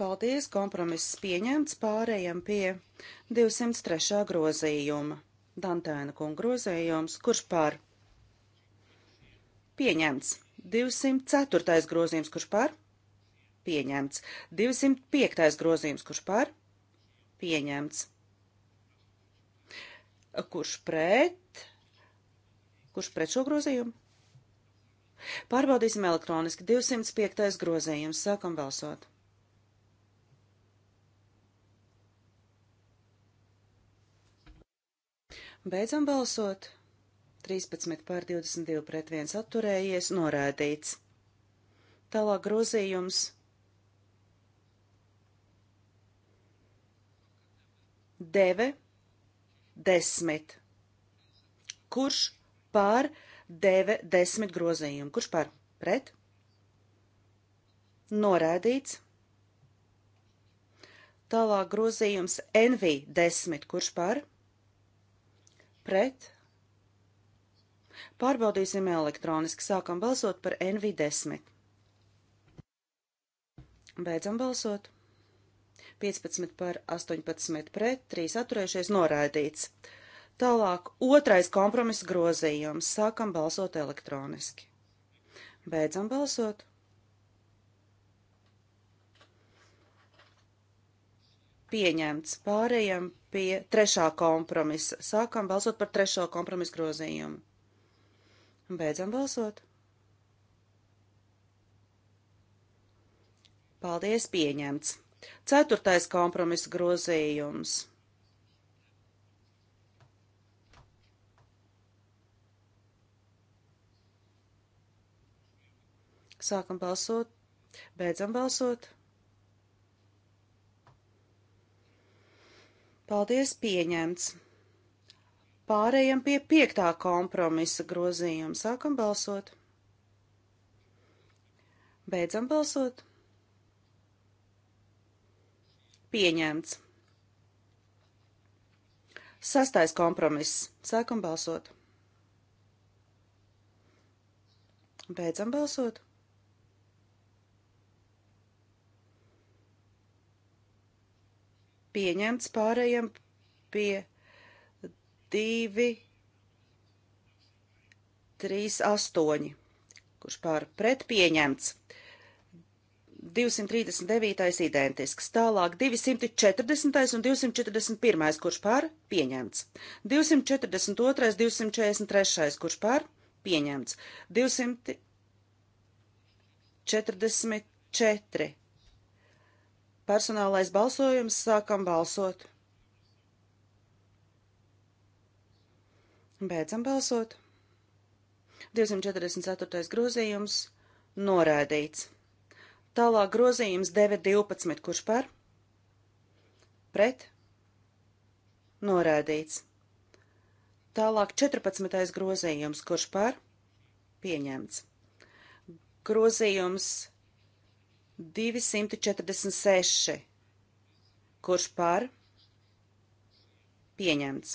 Paldies, kompromiss pieņemts, pārējiem pie 203. grozījuma. Dantēna kunga grozījums, kurš par? Pieņemts. 204. grozījums, kurš par? Pieņemts. 205. grozījums, kurš par? Pieņemts. Kurš pret? Kurš pret šo grozījumu? Pārbaudīsim elektroniski. 205. grozījums. Sākam balsot. Beidzam balsot. 13 pār 22 pret 1 atturējies, norādīts. Tālāk grozījums. Deve desmit. Kurš pār deve desmit grozījumu? Kurš pār pret? Norādīts. Tālāk grozījums NV desmit. Kurš pār pret? pret. Pārbaudīsim elektroniski. Sākam balsot par NV10. Beidzam balsot. 15 par 18 pret, 3 atturējušies noraidīts. Tālāk otrais kompromisa grozījums. Sākam balsot elektroniski. Beidzam balsot. pieņemts. Pārējām pie trešā kompromisa. Sākam balsot par trešo kompromisu grozījumu. Beidzam balsot. Paldies, pieņemts. Ceturtais kompromisa grozījums. Sākam balsot, beidzam balsot. Paldies, pieņemts. Pārējam pie piektā kompromisa grozījuma. Sākam balsot. Beidzam balsot. Pieņemts. Sastais kompromiss. Sākam balsot. Beidzam balsot. pieņemts. Pārējiem pie 2, 3, 8, kurš pār pret pieņemts. 239. identisks, tālāk 240. un 241. kurš pār pieņemts. 242. 243. kurš pār pieņemts. 244. Personālais balsojums sākam balsot. Beidzam balsot. 244. grozījums noraidīts. Tālāk grozījums 9.12. Kurš par? Pret? Noraidīts. Tālāk 14. grozījums. Kurš par? Pieņemts. Grozījums 9.12. 246. Kurš par? Pieņemts.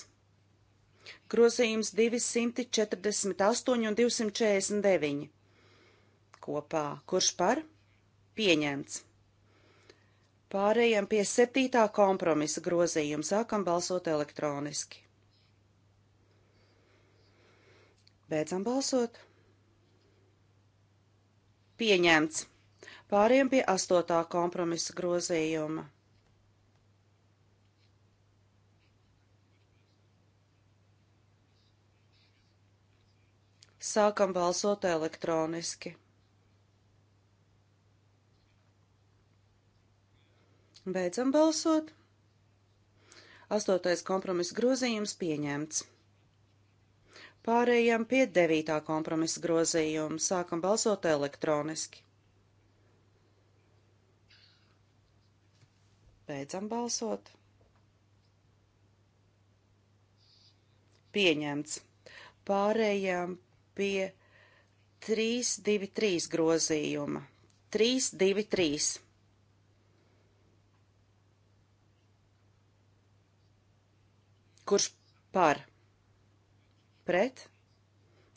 Grozījums 248 un 249. Kopā. Kurš par? Pieņemts. Pārējām pie septītā kompromisa grozījuma. Sākam balsot elektroniski. Beidzam balsot. Pieņemts. Pāriem pie astotā kompromisa grozījuma. Sākam balsot elektroniski. Beidzam balsot. Astotais kompromisa grozījums pieņemts. Pārējām pie devītā kompromisa grozījuma. Sākam balsot elektroniski. Beidzam balsot. Pieņemts. Pārējām pie 323 grozījuma. 323. Kurš par? Pret?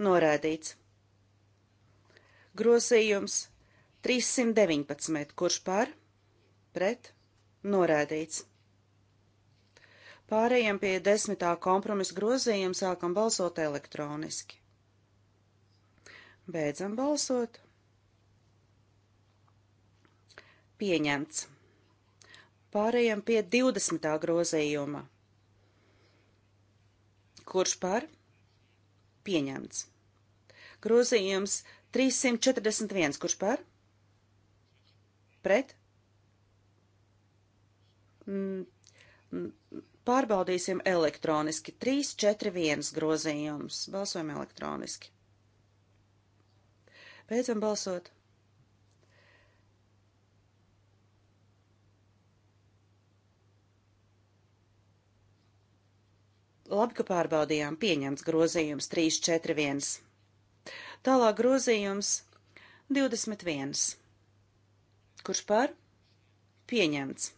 Norādīts. Grozījums 319. Kurš par? Pret? Noraidīts. Pārējiem pie desmitā kompromisa grozījuma sākam balsot elektroniski. Beidzam balsot. Pieņemts. Pārējiem pie 20. grozījuma. Kurš par? Pieņemts. Grozījums 341. Kurš par? Pret? Mm, mm, pārbaudīsim elektroniski. 3, 4, 1 grozījums. Balsojam elektroniski. Beidzam balsot. Labi, ka pārbaudījām pieņemts grozījums 341. Tālāk grozījums 21. Kurš par? Pieņemts.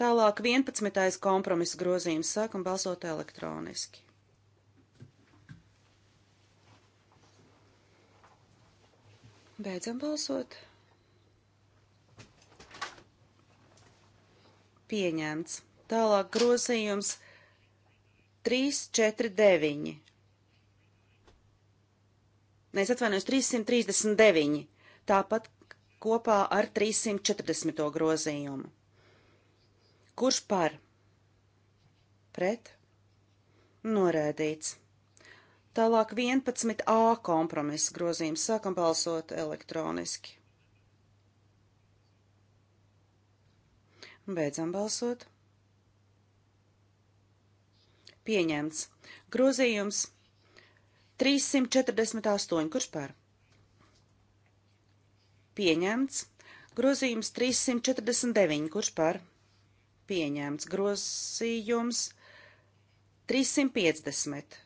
Tālāk 11. kompromisa grozījums sākam balsot elektroniski. Beidzam balsot. Pieņemts. Tālāk grozījums 349. Nē, es atvainojos 339. Tāpat kopā ar 340. grozījumu. Kurš par? Pret? Norēdīts. Tālāk 11a kompromiss grozījums sākam balsot elektroniski. Beidzam balsot. Pieņemts. Grozījums 348. Kurš par? Pieņemts. Grozījums 349. Kurš par? pieņemts. Grozījums 350.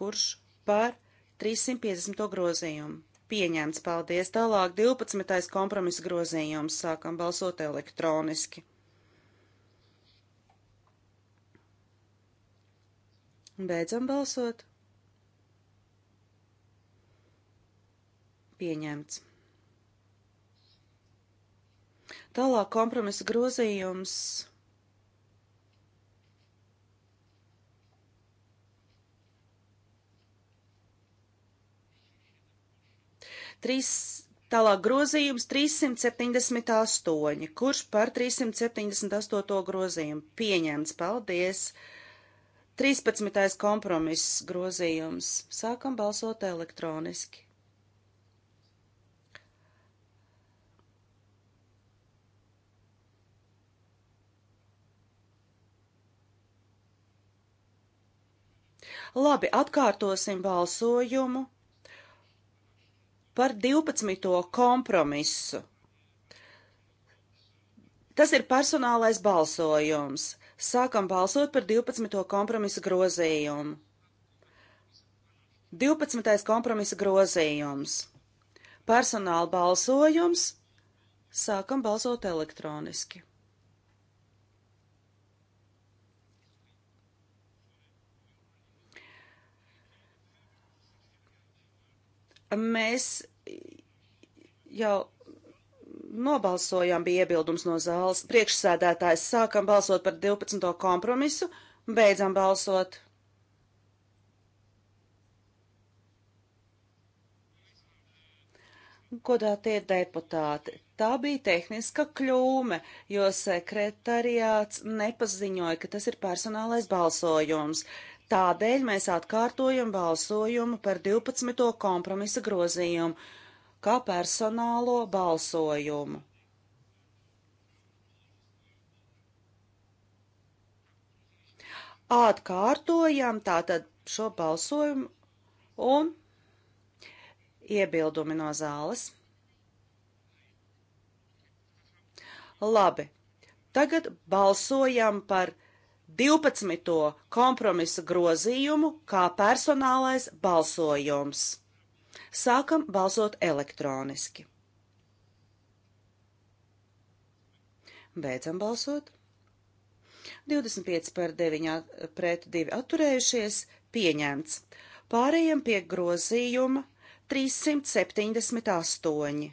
Kurš par 350. grozījumu? Pieņemts, paldies. Tālāk 12. kompromisa grozījums. Sākam balsot elektroniski. Beidzam balsot. Pieņemts. Tālāk kompromisa grozījums 3, tālāk grozījums 378. Kurš par 378. grozījumu pieņemts? Paldies! 13. kompromiss grozījums. Sākam balsot elektroniski. Labi, atkārtosim balsojumu. Par 12. kompromisu. Tas ir personālais balsojums. Sākam balsot par 12. kompromisa grozījumu. 12. kompromisa grozījums. Personāla balsojums. Sākam balsot elektroniski. mēs jau nobalsojām, bija iebildums no zāles. Priekšsēdētājs sākam balsot par 12. kompromisu, beidzam balsot. Godātie deputāti, tā bija tehniska kļūme, jo sekretariāts nepaziņoja, ka tas ir personālais balsojums. Tādēļ mēs atkārtojam balsojumu par 12. kompromisa grozījumu, kā personālo balsojumu. Atkārtojam tātad šo balsojumu un iebildumi no zāles. Labi, tagad balsojam par 12. 12. kompromisa grozījumu kā personālais balsojums. Sākam balsot elektroniski. Beidzam balsot. 25 par 9 pret 2 atturējušies, pieņemts. Pārējiem pie grozījuma 378.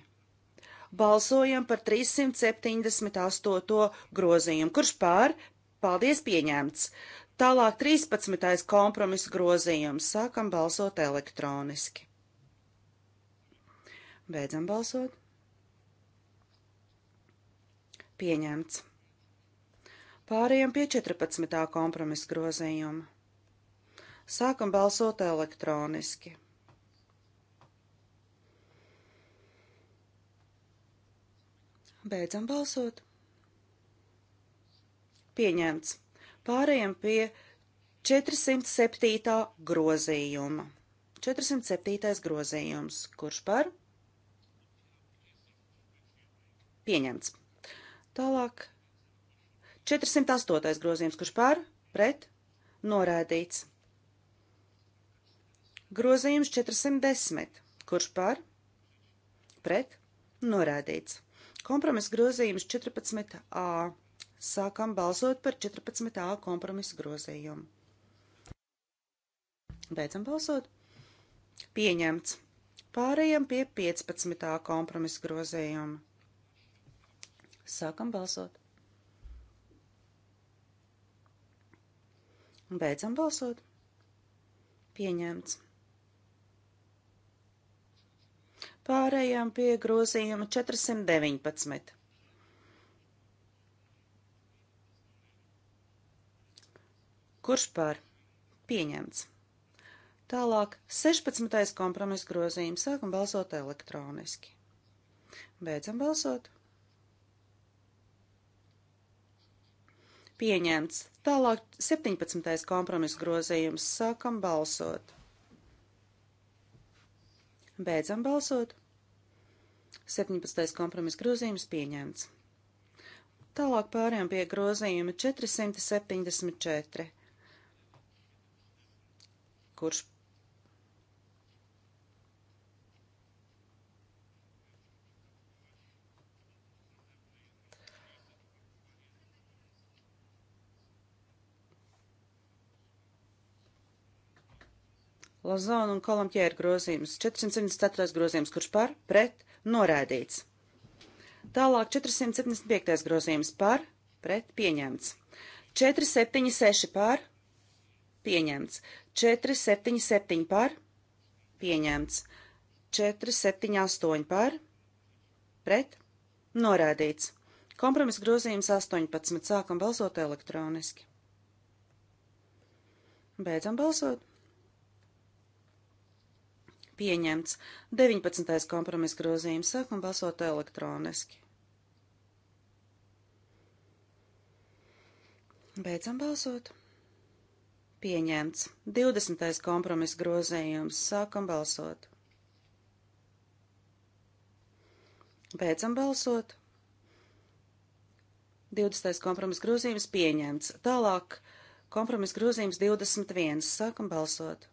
Balsojam par 378. grozījumu. Kurš pār Paldies, pieņemts. Tālāk 13. kompromisa grozījums. Sākam balsot elektroniski. Beidzam balsot. Pieņemts. Pārējām pie 14. kompromisa grozījuma. Sākam balsot elektroniski. Beidzam balsot. Pieņemts. Pārējiem pie 407. grozījuma. 407. grozījums. Kurš par? Pieņemts. Tālāk. 408. grozījums. Kurš par? Pret? Norādīts. Grozījums 410. Kurš par? Pret? Norādīts. Kompromiss grozījums 14a. Sākam balsot par 14a kompromisa grozījumu. Beidzam balsot. Pieņemts. Pārējām pie 15. kompromisa grozījuma. Sākam balsot. Un beidzam balsot. Pieņemts. Pārējām pie grozījuma 419. Kurš par? Pieņemts. Tālāk 16. kompromisa grozījums. Sākam balsot elektroniski. Beidzam balsot. Pieņemts. Tālāk 17. kompromisa grozījums. Sākam balsot. Beidzam balsot. 17. kompromisa grozījums pieņemts. Tālāk pārējām pie grozījuma 474 kurš Lazona un Kolumbijai ir grozījums. 474. grozījums, kurš par, pret, norādīts. Tālāk 475. grozījums par, pret, pieņemts. 476 par, pieņemts. 477 par, pieņemts. 478 par, pret, norādīts. Kompromiss grozījums 18. Sākam balsot elektroniski. Beidzam balsot. Pieņemts. 19. kompromiss grozījums. Sākam balsot elektroniski. Beidzam balsot. Pieņemts. 20. kompromisa grozījums. Sākam balsot. Beidzam balsot. 20. kompromisa grozījums pieņemts. Tālāk kompromisa grozījums 21. Sākam balsot.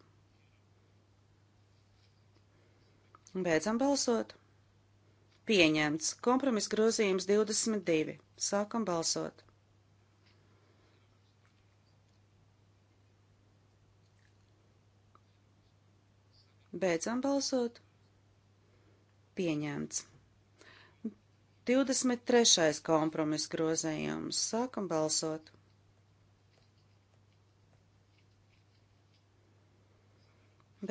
Beidzam balsot. Pieņemts. Kompromisa grozījums 22. Sākam balsot. Beidzam balsot. Pieņemts. 23. kompromis grozējums. Sākam balsot.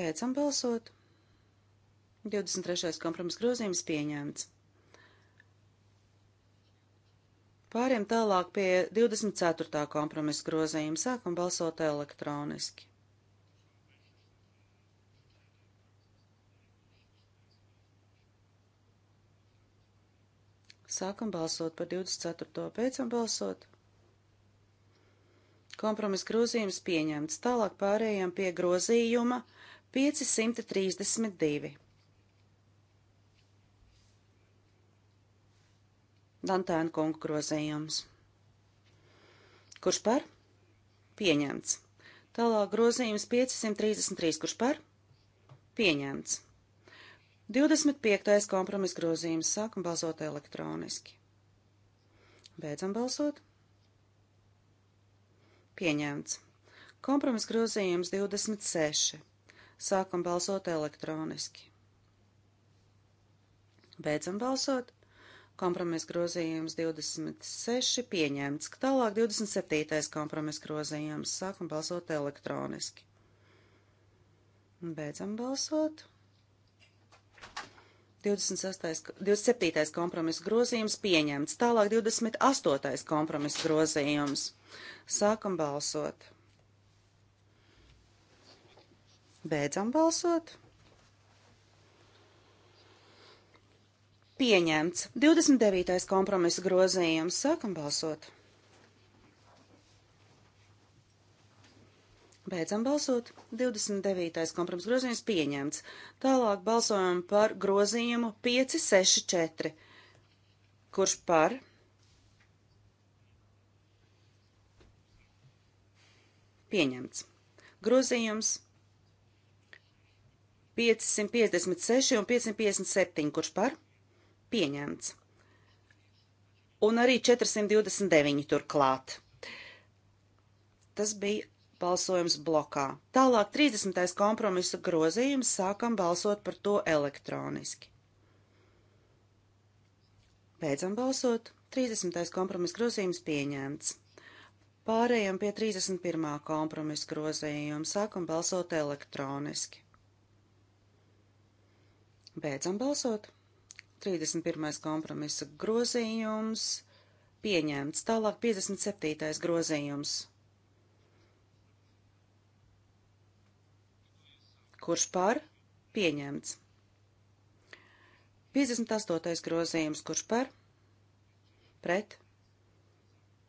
Beidzam balsot. 23. kompromis grozījums pieņemts. Pāriem tālāk pie 24. kompromisa grozījuma sākam balsot elektroniski. Sākam balsot par 24. Beidzam balsot. Kompromiss grozījums pieņemts. Tālāk pārējām pie grozījuma 532. Dantēna kungu grozījums. Kurš par? Pieņemts. Tālāk grozījums 533. Kurš par? Pieņemts. 25. kompromis grozījums. Sākam balsot elektroniski. Beidzam balsot. Pieņemts. Kompromis grozījums 26. Sākam balsot elektroniski. Beidzam balsot. Kompromis grozījums 26 pieņemts. Tālāk 27. kompromis grozījums. Sākam balsot elektroniski. Beidzam balsot. 26, 27. kompromisa grozījums pieņemts, tālāk 28. kompromisa grozījums. Sākam balsot. Beidzam balsot. Pieņemts 29. kompromisa grozījums. Sākam balsot. Beidzam balsot. 29. kompromis grozījums pieņemts. Tālāk balsojam par grozījumu 564. Kurš par? Pieņemts. Grozījums 556 un 557. Kurš par? Pieņemts. Un arī 429 turklāt. Tas bija balsojums blokā. Tālāk 30. kompromisa grozījums sākam balsot par to elektroniski. Beidzam balsot. 30. kompromisa grozījums pieņemts. Pārējām pie 31. kompromisa grozījuma sākam balsot elektroniski. Beidzam balsot. 31. kompromisa grozījums pieņemts. Tālāk 57. grozījums. Kurš par? Pieņemts. 58. grozījums. Kurš par? Pret.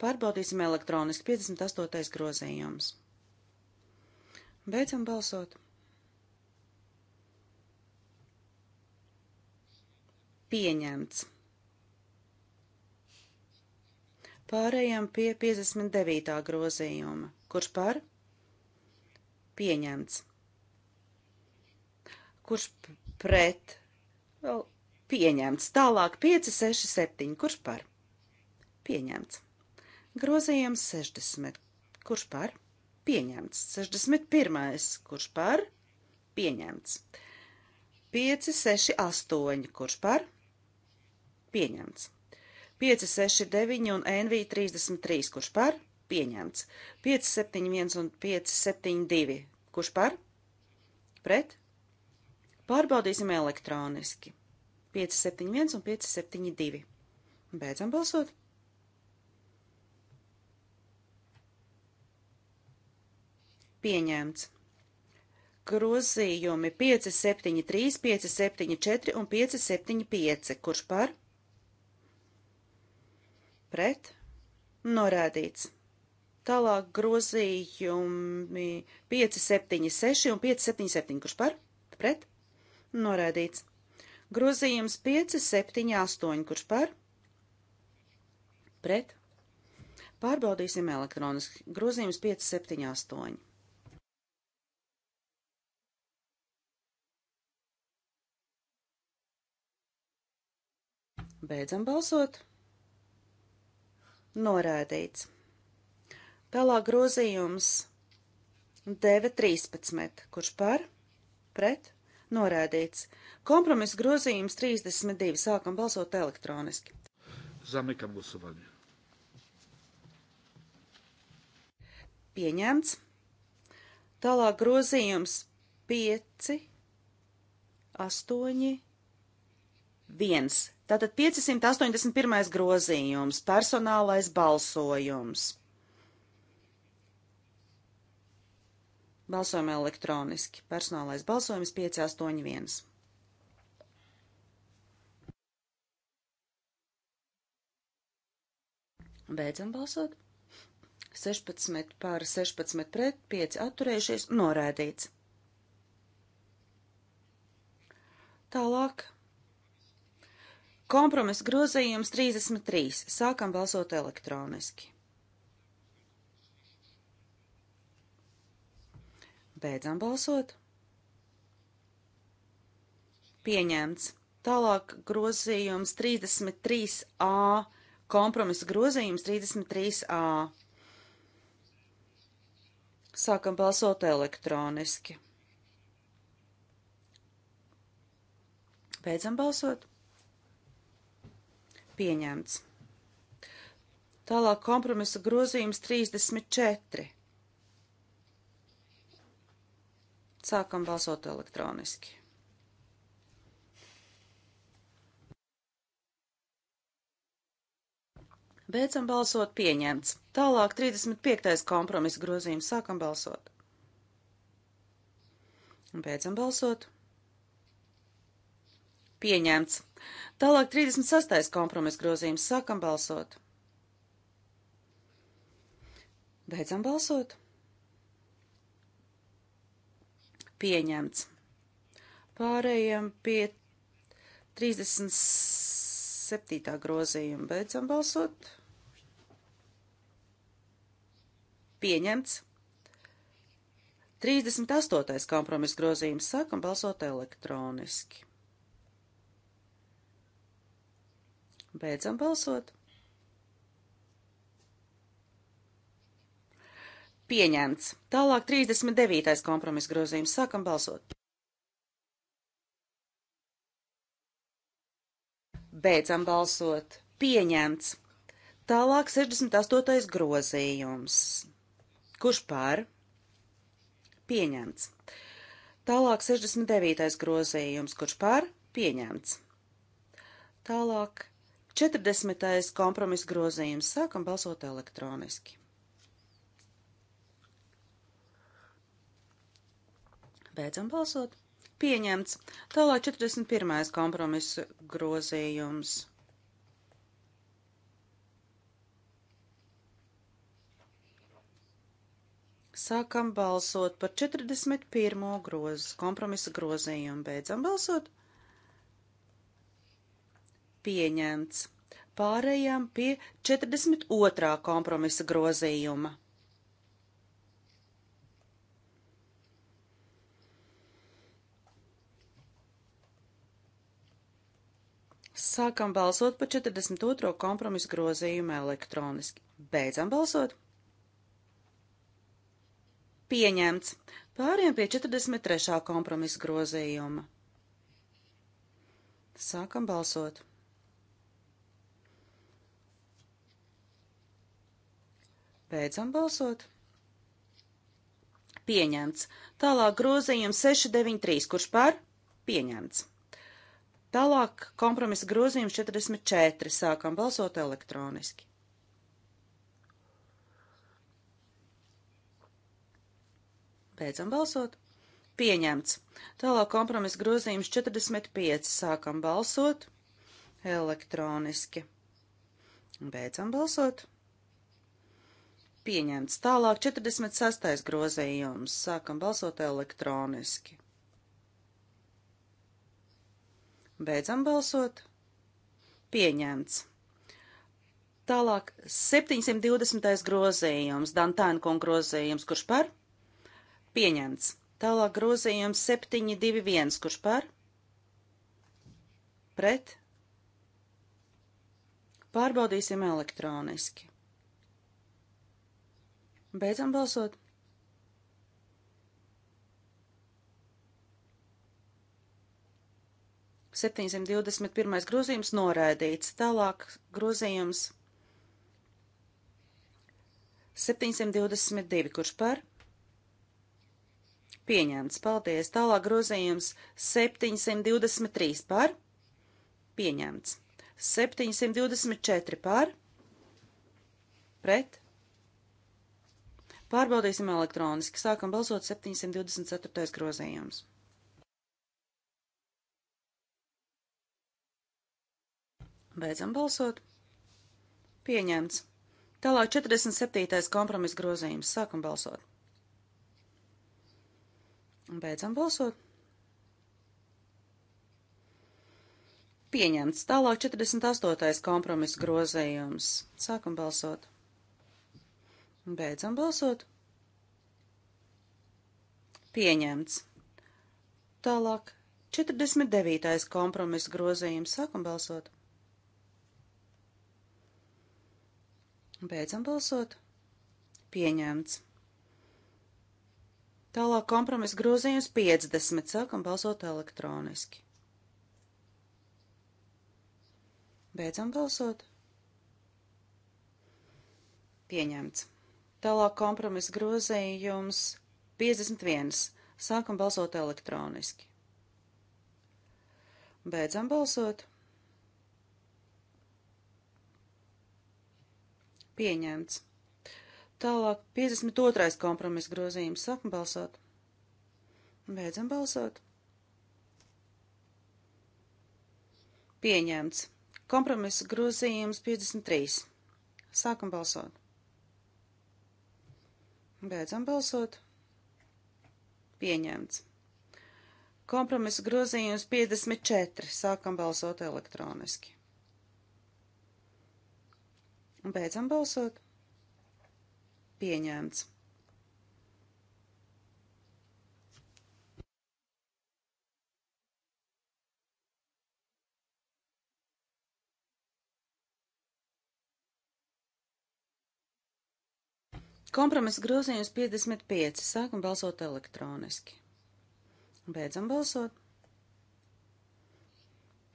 Pārbaudīsim elektroniski 58. grozījums. Beidzam balsot. Pieņemts. Pārējām pie 59. grozījuma. Kurš par? Pieņemts kurš pret, vēl pieņemts. Tālāk 5, 6, 7, kurš par? Pieņemts. Grozījums 60, kurš par? Pieņemts. 61, kurš par? Pieņemts. 5, 6, 8, kurš par? Pieņemts. 5, 6, 9 un NV 33, kurš par? Pieņemts. 5, 7, 1 un 5, 7, 2, kurš par? Pret? Pārbaudīsim elektroniski. 571 un 572. Beidzam balsot. Pieņemts grozījumi 573, 574 un 575. Kurš par? Pret? Norādīts. Tālāk grozījumi 576 un 577. Kurš par? Pret? Noraidīts. Grozījums 5, 7, 8, kurš par? Pret. Pārbaudīsim elektroniski. Grozījums 5, 7, 8. Beidzam balsot. Norādīts. Tālāk grozījums 9.13. Kurš par? Pret? Norēdīts. Kompromiss grozījums 32. Sākam balsot elektroniski. Zamekam balsovaņu. Pieņemts. Tālāk grozījums 5, 8, 1. Tātad 581. grozījums - personālais balsojums. Balsojam elektroniski. Personālais balsojums 581. Beidzam balsot. 16 pār 16 pret, 5 atturējušies, norēdīts. Tālāk. Kompromisa grozījums 33. Sākam balsot elektroniski. Beidzam balsot. Pieņemts. Tālāk grozījums 33a. Kompromisa grozījums 33a. Sākam balsot elektroniski. Beidzam balsot. Pieņemts. Tālāk kompromisa grozījums 34. Sākam balsot elektroniski. Beidzam balsot pieņemts. Tālāk 35. kompromisa grozījums. Sākam balsot. Un beidzam balsot. Pieņemts. Tālāk 36. kompromisa grozījums. Sākam balsot. Beidzam balsot. pieņemts. Pārējām pie 37. grozījuma. Beidzam balsot. Pieņemts. 38. kompromiss grozījums sākam balsot elektroniski. Beidzam balsot. Pieņemts. Tālāk 39. kompromis grozījums. Sākam balsot. Beidzam balsot. Pieņemts. Tālāk 68. grozījums. Kurš par? Pieņemts. Tālāk 69. grozījums. Kurš par? Pieņemts. Tālāk 40. kompromis grozījums. Sākam balsot elektroniski. Beidzam balsot. Pieņemts. Tālāk 41. kompromisa grozījums. Sākam balsot par 41. Groz, kompromisa grozījumu. Beidzam balsot. Pieņemts. Pārējām pie 42. kompromisa grozījuma. Sākam balsot par 42. kompromisu grozījumu elektroniski. Beidzam balsot. Pieņemts. Pāriem pie 43. kompromisu grozījuma. Sākam balsot. Beidzam balsot. Pieņemts. Tālāk grozījums 693, kurš par? Pieņemts. Tālāk kompromisa grozījums 44. Sākam balsot elektroniski. Beidzam balsot. Pieņemts. Tālāk kompromisa grozījums 45. Sākam balsot elektroniski. Beidzam balsot. Pieņemts. Tālāk 46. grozījums. Sākam balsot elektroniski. Beidzam balsot. Pieņemts. Tālāk 720. grozījums, Dantēnkunga grozījums, kurš par? Pieņemts. Tālāk grozījums 721, kurš par? Pret? Pārbaudīsim elektroniski. Beidzam balsot. 721. grozījums noraidīts. Tālāk grozījums 722, kurš par? Pieņemts, paldies. Tālāk grozījums 723 par? Pieņemts. 724 par? Pret? Pārbaudīsim elektroniski. Sākam balsot 724. grozījums. Beidzam balsot. Pieņemts. Tālāk 47. kompromisa grozījums. Sākam balsot. Beidzam balsot. Pieņemts. Tālāk 48. kompromisa grozījums. Sākam balsot. Beidzam balsot. Pieņemts. Tālāk 49. kompromisa grozījums. Sākam balsot. Beidzam balsot. Pieņemts. Tālāk kompromisa grozījums 50. Sākam balsot elektroniski. Beidzam balsot. Pieņemts. Tālāk kompromisa grozījums 51. Sākam balsot elektroniski. Beidzam balsot. Pieņemts. Tālāk 52. kompromisa grozījums. Sākam balsot. Beidzam balsot. Pieņemts. Kompromisa grozījums 53. Sākam balsot. Beidzam balsot. Pieņemts. Kompromisa grozījums 54. Sākam balsot elektroniski. Beidzam balsot. Pieņemts. Kompromisa grozījums 55. Sākam balsot elektroniski. Beidzam balsot.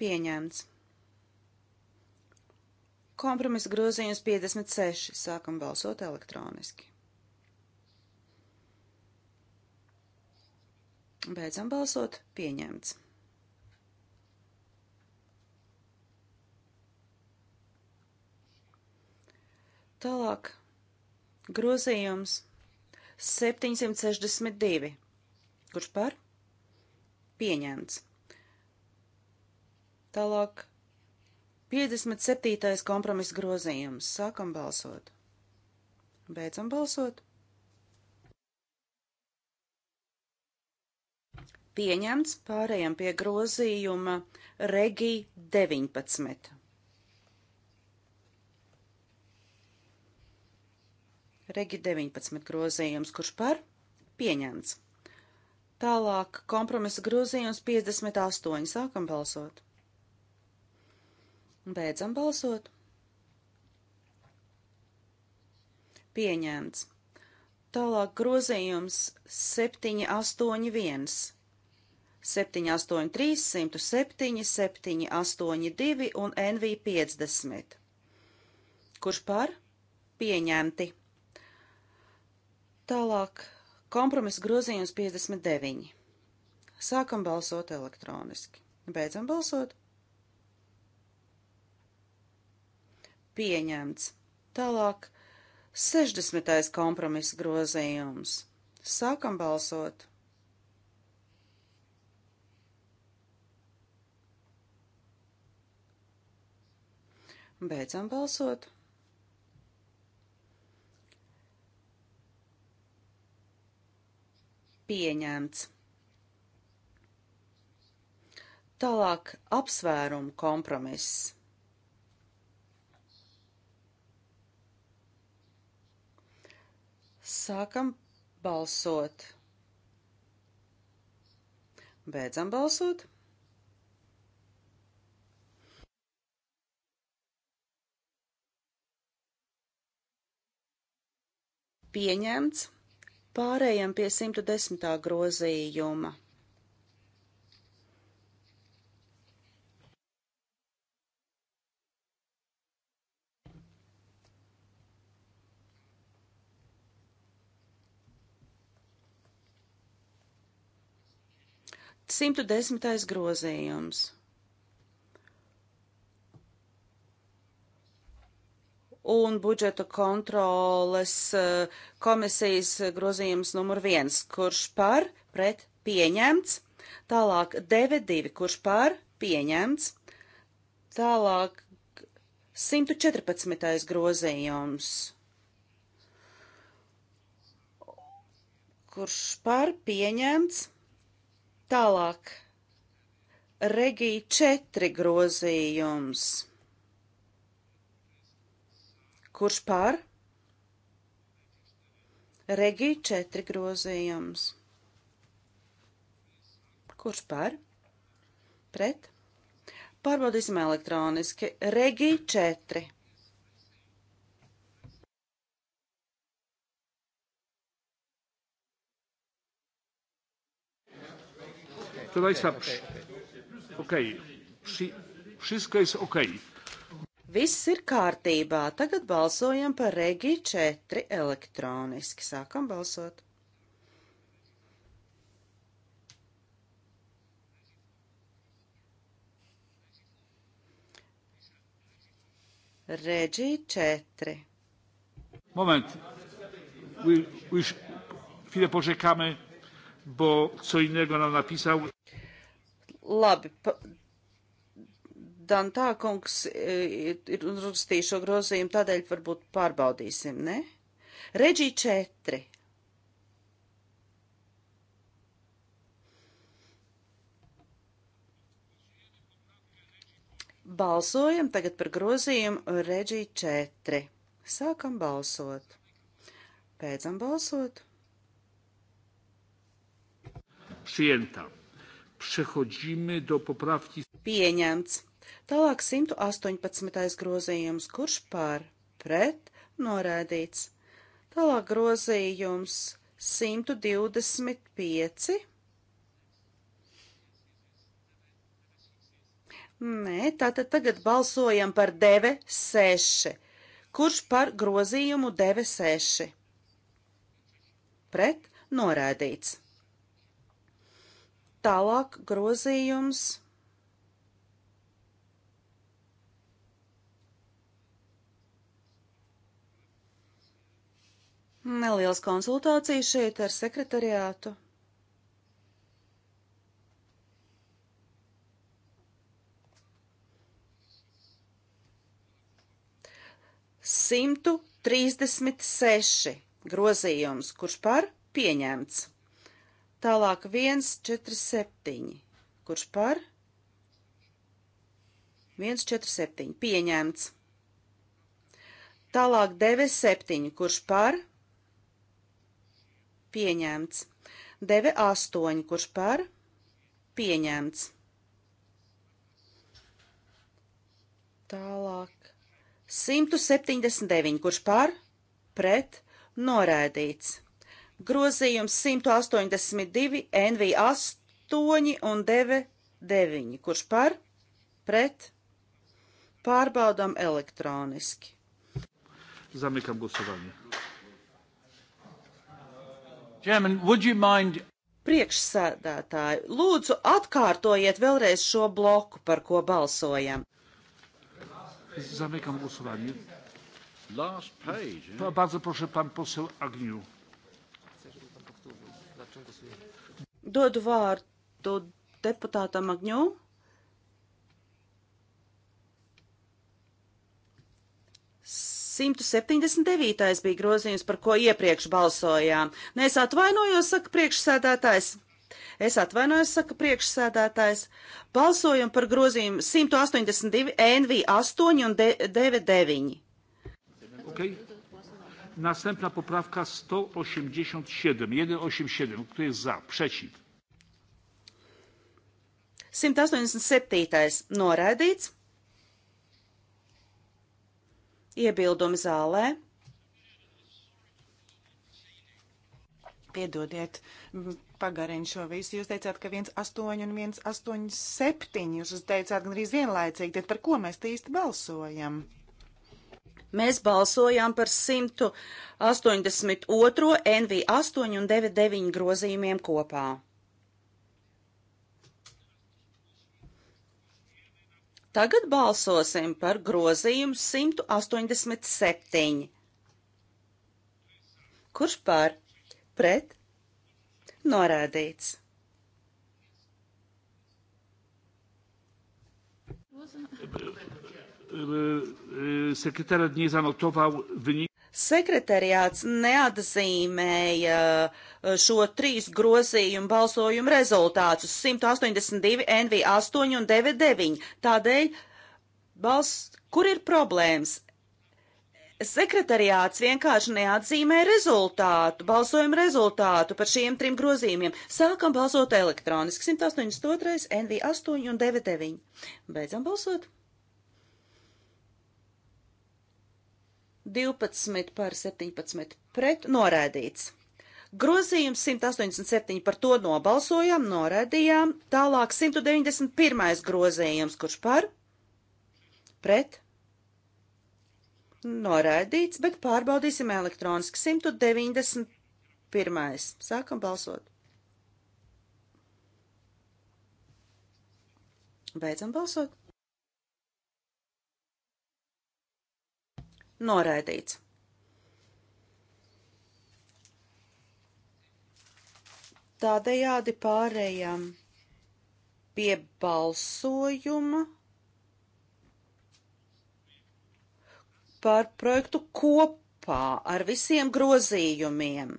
Pieņemts. Kompromisa grozījums 56. Sākam balsot elektroniski. Beidzam balsot. Pieņemts. Tālāk grozījums 762. Kurš par? Pieņemts. Tālāk 57. kompromiss grozījums. Sākam balsot. Beidzam balsot. Pieņemts pārējām pie grozījuma Regi 19. Regi 19 grozījums, kurš par? Pieņemts. Tālāk kompromisa grozījums 58. Sākam balsot. Beidzam balsot. Pieņemts. Tālāk grozījums 781. 783, 107, 782 un NV50. Kurš par? Pieņemti. Tālāk kompromisa grozījums 59. Sākam balsot elektroniski. Beidzam balsot. pieņemts. Tālāk 60. kompromisa grozījums. Sākam balsot. Beidzam balsot. Pieņemts. Tālāk apsvērumu kompromiss. Sākam balsot. Beidzam balsot. Pieņemts. Pārējām pie 110. grozījuma. 110. grozījums. Un budžeta kontroles eh, komisijas grozījums numur viens, kurš par pret pieņemts. Tālāk 92, kurš par pieņemts. Tālāk 114. grozījums, kurš par pieņemts Tālāk. Regija 4 grozījums. Kurš pār? Regija 4 grozījums. Kurš pār? Pret? Pārbaudīsim elektroniski. Regija 4. Proszę Państwa, okej, okay. wszystko jest okej. Okay. Viss ir kārtībā. Tagad balsojam par Regi 4 elektroniski. Sākam balsot. Regi 4. Moment. Chwilę poczekamy, bo co innego nam napisał. Labi, pa, Dantā kungs e, ir uzrakstījušo grozījumu, tādēļ varbūt pārbaudīsim, ne? Reģī 4. Balsojam tagad par grozījumu Reģī 4. Sākam balsot. Pēdzam balsot. Sientam. Przechodzimy do poprawki. Pieņemts. Tālāk 118. grozījums, kurš par pret norādīts. Tālāk grozījums 125. Nē, tātad tagad balsojam par 9-6. Kurš par grozījumu 9-6? Pret norādīts. Tālāk grozījums. Nelielas konsultācijas šeit ar sekretariātu. Simtu trīsdesmit seši grozījums, kurš par pieņemts. Tālāk 147. Kurš par? 147. Pieņemts. Tālāk 97. Kurš par? Pieņemts. 98. Kurš par? Pieņemts. Tālāk 179. Kurš par? Pret? Norēdīts. Grozījums 182, NV 8 un 9, 9 kurš par, pret, pārbaudām elektroniski. Zamykam głosowanie. Chairman, would you mind priekšsēdētāji, lūdzu atkārtojiet vēlreiz šo bloku, par ko balsojam. Zamykam głosowanie. Last page. Eh? Bardzo proszę pan poseł Agniu. Dodu vārdu deputātam Agņū. Simtu septiņdesmit devītais bija grozījums, par ko iepriekš balsojām. Nē, nu, es atvainojos, saka priekšsēdētājs. Es atvainojos, saka priekšsēdētājs. Balsojam par grozījumu 182, NV 8 un 9. Okay. Następna poprawka 187. 187. Kto jest za? Przeciw. 187. Noraidīts. Iebildumi zālē. Piedodiet, pagarinu šo visu. Jūs teicāt, ka 1,8 un 1,87 jūs uzteicāt gandrīz vienlaicīgi. Tad par ko mēs īsti balsojam? Mēs balsojām par 182, NV8 un 99 grozījumiem kopā. Tagad balsosim par grozījumu 187. Kurš par? Pret? Norādīts. Wasn't... E, sekretariat nie zanotował wyniku. Sekretariāts neatzīmēja e, šo trīs grozījumu balsojumu rezultātus 182, NV8 un 99. Tādēļ, balss, kur ir problēmas? Sekretariāts vienkārši neatzīmē rezultātu, balsojumu rezultātu par šiem trim grozījumiem. Sākam balsot elektroniski 182, NV8 un 99. Beidzam balsot! 12 par 17 pret norēdīts. Grozījums 187 par to nobalsojām, norādījām. Tālāk 191 grozījums, kurš par? Pret? Norādīts, bet pārbaudīsim elektroniski. 191. Sākam balsot. Beidzam balsot. noraidīts. Tādējādi pārējām pie balsojuma par projektu kopā ar visiem grozījumiem.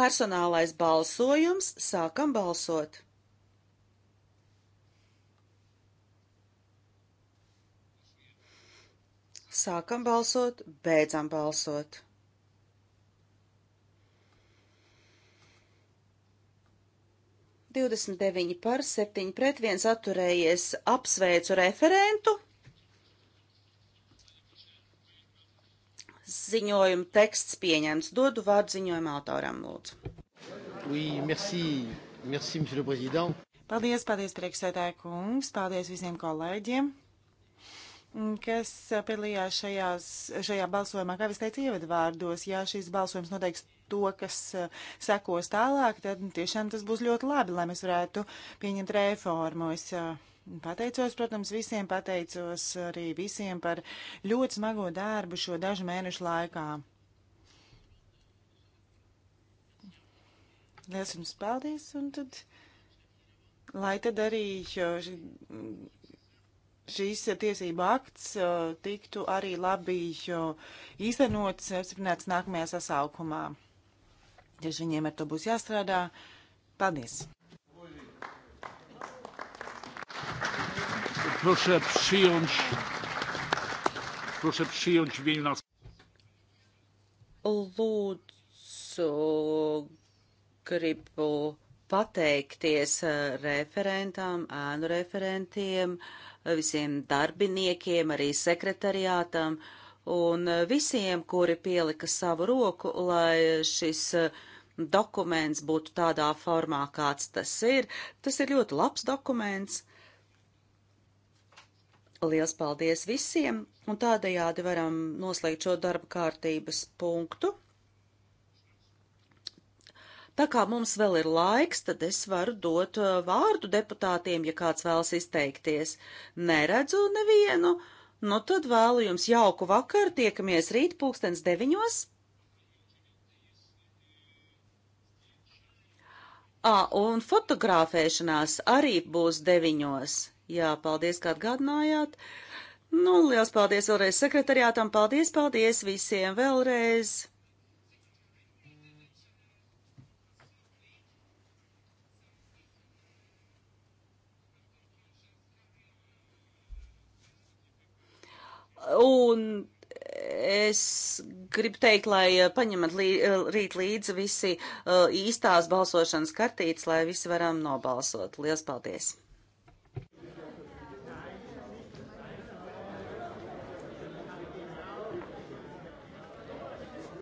Personālais balsojums sākam balsot. Sākam balsot, beidzam balsot. Divdesmit deviņi par, septiņi pret, viens atturējies. Apsveicu referentu. Ziņojuma teksts pieņemts. Dodu vārdu ziņojuma autoram, lūdzu. Oui, merci. Merci, monsieur le président. Paldies, paldies, priekšsēdētāja kungs. Paldies visiem kolēģiem kas piedalījās šajās, šajā balsojumā. Kā es teicu, ievadvārdos, ja šīs balsojums noteiks to, kas eh, sekos tālāk, tad tiešām tas būs ļoti labi, lai mēs varētu pieņemt reformu. Es eh, pateicos, protams, visiem, pateicos arī visiem par ļoti smago darbu šo dažu mēnešu laikā. Liels jums paldies, un tad, lai tad arī šīs tiesība akts uh, tiktu arī labi īstenots, apstiprināts nākamajā sasaukumā. Tieši viņiem ar to būs jāstrādā. Paldies! Proszę przyjąć, proszę przyjąć w imieniu nas. Lūdzu, gribu pateikties referentam, ēnu referentiem. Uh, visiem darbiniekiem, arī sekretariātam un visiem, kuri pielika savu roku, lai šis eh, dokuments būtu tādā formā, kāds tas ir. Tas ir ļoti labs dokuments. Liels paldies visiem, un tādējādi varam noslēgt šo darba kārtības punktu. Tā kā mums vēl ir laiks, tad es varu dot uh, vārdu deputātiem, ja kāds vēlas izteikties. Neredzu nevienu, nu tad vēlu jums jauku vakaru, tiekamies rīt pulkstens deviņos. Ā, un fotografēšanās arī būs deviņos. Jā, paldies, kā atgādinājāt. Nu, liels paldies vēlreiz sekretariātam, paldies, paldies visiem vēlreiz. Un es gribu teikt, lai eh, paņemat lī, eh, rīt līdzi visi eh, īstās balsošanas kartītes, lai visi varam nobalsot. Lielas paldies!